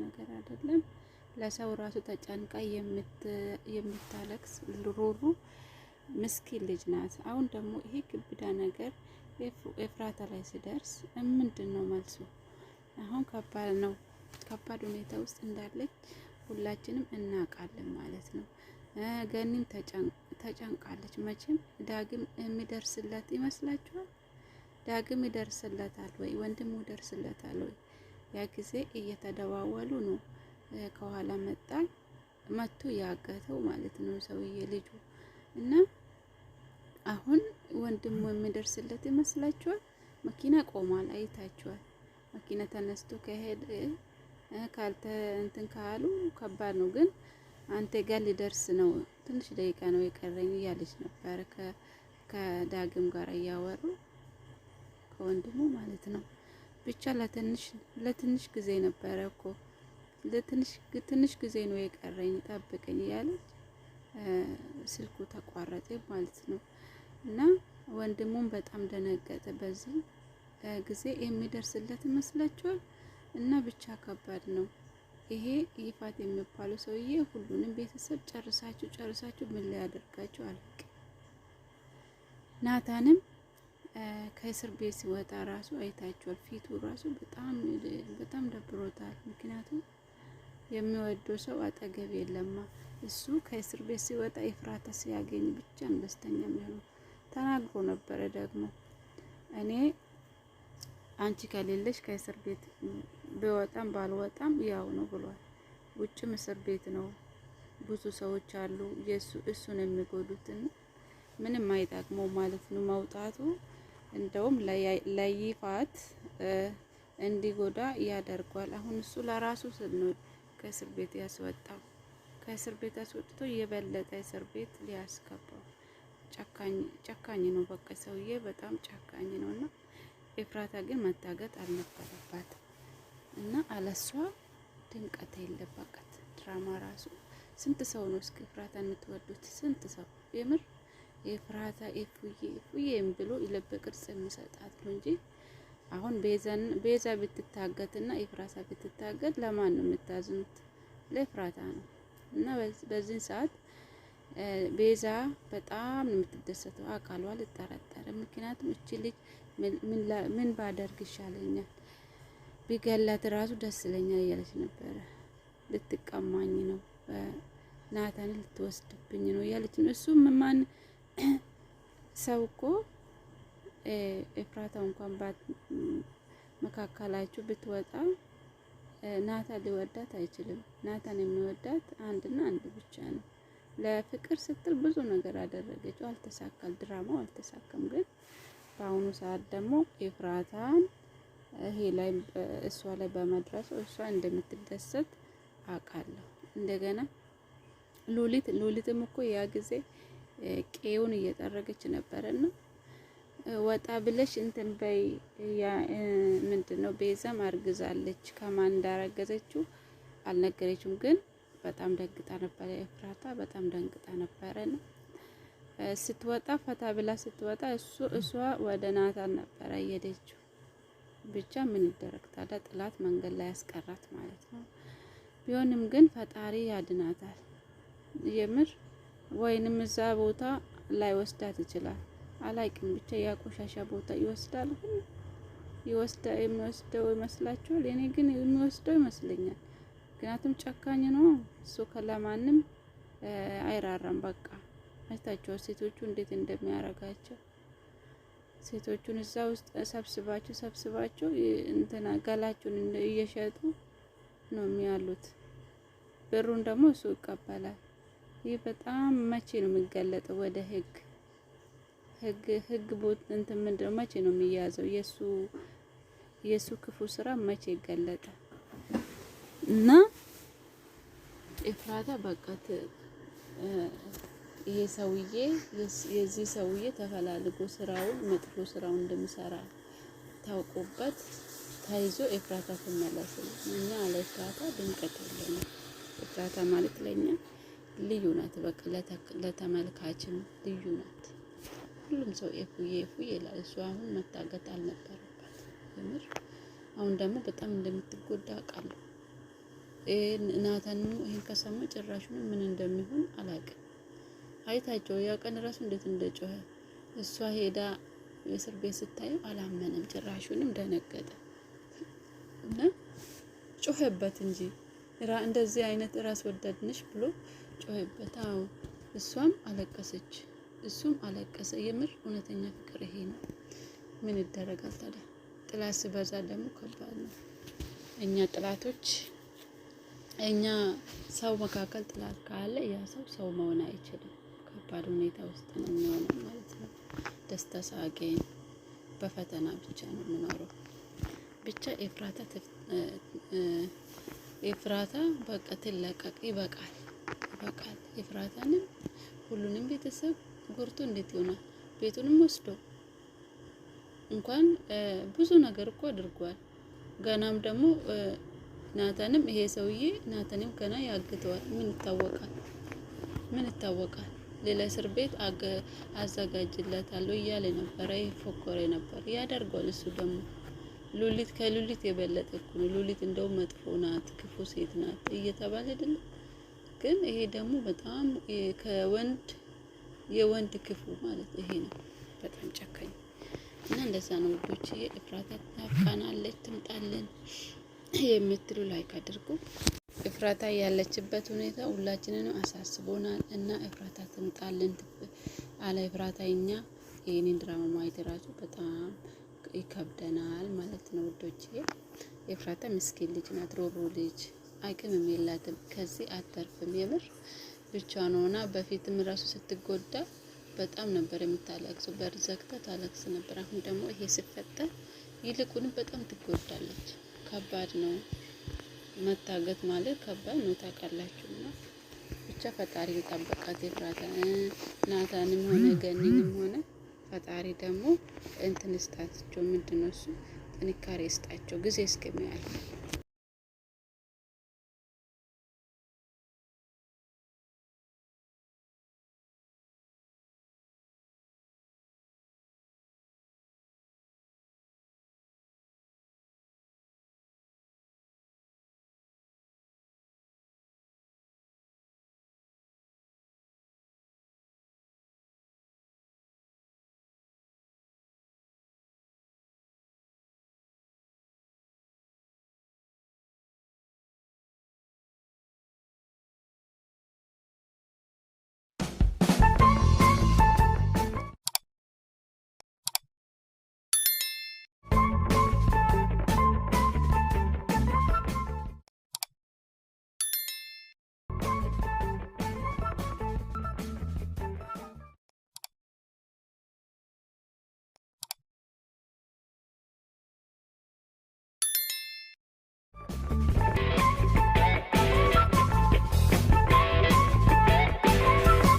የሚያስደስታት ነገር አይደለም። ለሰው ራሱ ተጨንቃ የምታለቅስ ሩሩ ምስኪን ልጅ ናት። አሁን ደግሞ ይሄ ክብዳ ነገር ኤፍራታ ላይ ሲደርስ ምንድን ነው መልሱ? አሁን ከባድ ነው። ከባድ ሁኔታ ውስጥ እንዳለች ሁላችንም እናውቃለን ማለት ነው። ገኒም ተጨንቃለች። መቼም ዳግም የሚደርስለት ይመስላችኋል? ዳግም ይደርስለታል ወይ? ወንድሙ ይደርስለታል ወይ? ያ ጊዜ እየተደዋወሉ ነው ከኋላ መጣ መቶ ያገተው ማለት ነው ሰውዬ ልጁ እና አሁን ወንድሙ የሚደርስለት ይመስላችኋል? መኪና ቆሟል፣ አይታችኋል። መኪና ተነስቶ ከሄድ ካልተ እንትን ካሉ ከባድ ነው። ግን አንተ ጋር ሊደርስ ነው፣ ትንሽ ደቂቃ ነው የቀረኝ እያለች ነበር ከዳግም ጋር እያወሩ ከወንድሙ ማለት ነው። ብቻ ለትንሽ ለትንሽ ጊዜ ነበረ እኮ ለትንሽ ጊዜ ነው የቀረኝ ጠብቀኝ እያለች ስልኩ ተቋረጠ ማለት ነው። እና ወንድሙም በጣም ደነገጠ። በዚህ ጊዜ የሚደርስለት ይመስላችኋል? እና ብቻ ከባድ ነው። ይሄ ይፋት የሚባለው ሰውዬ ሁሉንም ቤተሰብ ጨርሳችሁ ጨርሳችሁ ምን ላይ ያደርጋችሁ ናታንም ከእስር ቤት ሲወጣ ራሱ አይታችኋል። ፊቱ ራሱ በጣም ደብሮታል። ምክንያቱም የሚወደው ሰው አጠገብ የለማ። እሱ ከእስር ቤት ሲወጣ ኤፍራታ ሲያገኝ ብቻ ደስተኛ የሚሆነው ተናግሮ ነበረ። ደግሞ እኔ አንቺ ከሌለሽ ከእስር ቤት ብወጣም ባልወጣም ያው ነው ብሏል። ውጭም እስር ቤት ነው፣ ብዙ ሰዎች አሉ እሱን የሚጎዱትን ምንም አይጠቅመው ማለት ነው መውጣቱ እንደውም ለይፋት እንዲጎዳ ያደርጓል። አሁን እሱ ለራሱ ስንል ከእስር ቤት ያስወጣው ከእስር ቤት አስወጥቶ የበለጠ እስር ቤት ሊያስገባው ጨካኝ ነው። በቃ ሰውዬ በጣም ጨካኝ ነው እና ኤፍራታ ግን መታገት አልነበረባት እና አለሷ ድምቀት የለባቀት ድራማ ራሱ ስንት ሰው ነው እስኪ ኤፍራታ የምትወዱት? ስንት ሰው የምር የፍራታ ኤፉዬ ኤፉዬም ብሎ ቅርጽ የሚሰጣት ነው እንጂ አሁን ቤዛ ብትታገትና ኤፍራታ ብትታገት ለማን ነው የምታዝኑት? ለፍራታ ነው። እና በዚህን ሰዓት ቤዛ በጣም ነው የምትደሰተው። አካሏ አልጠረጠርም። ምክንያቱም እቺ ልጅ ምን ባደርግ ይሻለኛል ቢገላት ራሱ ደስ ይለኛል እያለች ነበረ። ልትቀማኝ ነው፣ ናታን ልትወስድብኝ ነው እያለች ነው እሱ ሰው እኮ እፍራታ እንኳን መካከላችሁ ብትወጣ ናታ ሊወዳት አይችልም። ናታን የሚወዳት አንድና አንድ ብቻ ነው። ለፍቅር ስትል ብዙ ነገር አደረገችው፣ አልተሳካል፣ ድራማው አልተሳካም። ግን በአሁኑ ሰዓት ደግሞ ኤፍራታን ይሄ ላይ እሷ ላይ በመድረሱ እሷ እንደምትደሰት አውቃለሁ። እንደገና ሉሊት ሉሊትም እኮ ያ ጊዜ ቄውን እየጠረገች ነበረ እና ወጣ ብለሽ እንትን በይ ምንድን ነው ቤዛም አርግዛለች። ከማን እንዳረገዘችው አልነገረችም፣ ግን በጣም ደንግጣ ነበረ። ኤፍራታ በጣም ደንግጣ ነበረ ነው ስትወጣ ፈታ ብላ ስትወጣ እሱ እሷ ወደ ናታን ነበረ የሄደችው። ብቻ ምን ይደረግ ታዲያ ጥላት መንገድ ላይ ያስቀራት ማለት ነው። ቢሆንም ግን ፈጣሪ ያድናታል የምር ወይንም እዛ ቦታ ላይ ወስዳት ይችላል። አላቅም ብቻ ያ ቆሻሻ ቦታ ይወስዳል። ግን ይወስዳ የሚወስደው ይመስላችኋል? እኔ ግን የሚወስደው ይመስለኛል። ምክንያቱም ጨካኝ ነው እሱ። ከለማንም አይራራም። በቃ አይታቸው ሴቶቹ እንዴት እንደሚያረጋቸው ሴቶቹን እዛ ውስጥ ሰብስባቸው ሰብስባቸው እንትና ገላችሁን እየሸጡ ነው የሚያሉት። ብሩን ደግሞ እሱ ይቀበላል። ይህ በጣም መቼ ነው የሚገለጠው? ወደ ህግ ህግ ህግ ቦት እንትን ምንድን ነው መቼ ነው የሚያዘው? የሱ የሱ ክፉ ስራ መቼ ይጋለጠ እና ኤፍራታ በቃ ይሄ ሰውዬ የዚህ ሰውዬ ተፈላልጎ ስራውን መጥፎ ስራውን እንደሚሰራ ታውቆበት ተይዞ ኤፍራታ ትመለስ። እኛ አለ ኤፍራታ ድምቀት የለንም። ኤፍራታ ማለት ለኛ ልዩ ናት። በቃ ለተመልካችም ልዩ ናት። ሁሉም ሰው ኤፉዬ ኤፉዬ ይላል። እሱ አሁን መታገጥ አልነበረባት የምር። አሁን ደግሞ በጣም እንደምትጎዳ አውቃለሁ። ናታንም ይህን ከሰማ ጭራሹን ምን እንደሚሆን አላውቅም። አይታቸው ያ ቀን ራሱ እንዴት እንደጮኸ እሷ ሄዳ የእስር ቤት ስታየው አላመነም። ጭራሹንም ደነገጠ እና ጮኸበት እንጂ እንደዚህ አይነት ራስ ወዳድነሽ ብሎ ጮኸበት። አዎ እሷም አለቀሰች፣ እሱም አለቀሰ። የምር እውነተኛ ፍቅር ይሄ ነው። ምን ይደረጋል ታዲያ? ጥላት ሲበዛ ደግሞ ከባድ ነው። እኛ ጥላቶች እኛ ሰው መካከል ጥላት ካለ ያ ሰው ሰው መሆን አይችልም። ከባድ ሁኔታ ውስጥ ነው የሚሆነው ማለት ነው። ደስታ ሳገኝ በፈተና ብቻ ነው የምኖረው። ብቻ ኤፍራታ ኤፍራታ በቃ ትለቀቅ ይበቃል። ይበቃል። ኤፍራታንም ሁሉንም ቤተሰብ ጎርቶ እንዴት ይሆናል? ቤቱንም ወስዶ እንኳን ብዙ ነገር እኮ አድርጓል። ገናም ደግሞ ናታንም ይሄ ሰውዬ ናታንም ገና ያግተዋል። ምን ይታወቃል? ምን ይታወቃል? ሌላ እስር ቤት አዘጋጅለታለሁ እያለ ነበረ፣ ይፎከረ ነበር። ያደርጓል እሱ ደግሞ ሉሊት ከሉሊት የበለጠ እኮ ነው። ሉሊት እንደው መጥፎ ናት፣ ክፉ ሴት ናት እየተባለ አይደለም ግን ይሄ ደግሞ በጣም ከወንድ የወንድ ክፉ ማለት ይሄ ነው። በጣም ጨካኝ እና እንደዛ ነው ውዶች። እፍራታ ታፋናለች ትምጣለን የምትሉ ላይክ አድርጉ። እፍራታ ያለችበት ሁኔታ ሁላችንንም አሳስቦናል እና እፍራታ ትምጣልን አለ እፍራታ። እኛ ይህንን ድራማ ማየት ራሱ በጣም ይከብደናል ማለት ነው ውዶች። እፍራታ ምስኪን ልጅ ናት፣ ሮሮ ልጅ አቅምም የላትም። ከዚህ አተርፍም የምር ብቻዋን ሆና በፊትም ራሱ ስትጎዳ በጣም ነበር የምታለቅሰው። በር ዘግታ ታለቅስ ነበር። አሁን ደግሞ ይሄ ሲፈጠር ይልቁንም በጣም ትጎዳለች። ከባድ ነው መታገት ማለት ከባድ ነው ታውቃላችሁ። እና ብቻ ፈጣሪ የጠበቃት የፍራታ ናታንም ሆነ ገኒንም ሆነ ፈጣሪ ደግሞ እንትን ስጣቸው ምንድነው እሱ ጥንካሬ ስጣቸው ጊዜ እስከሚያልፍ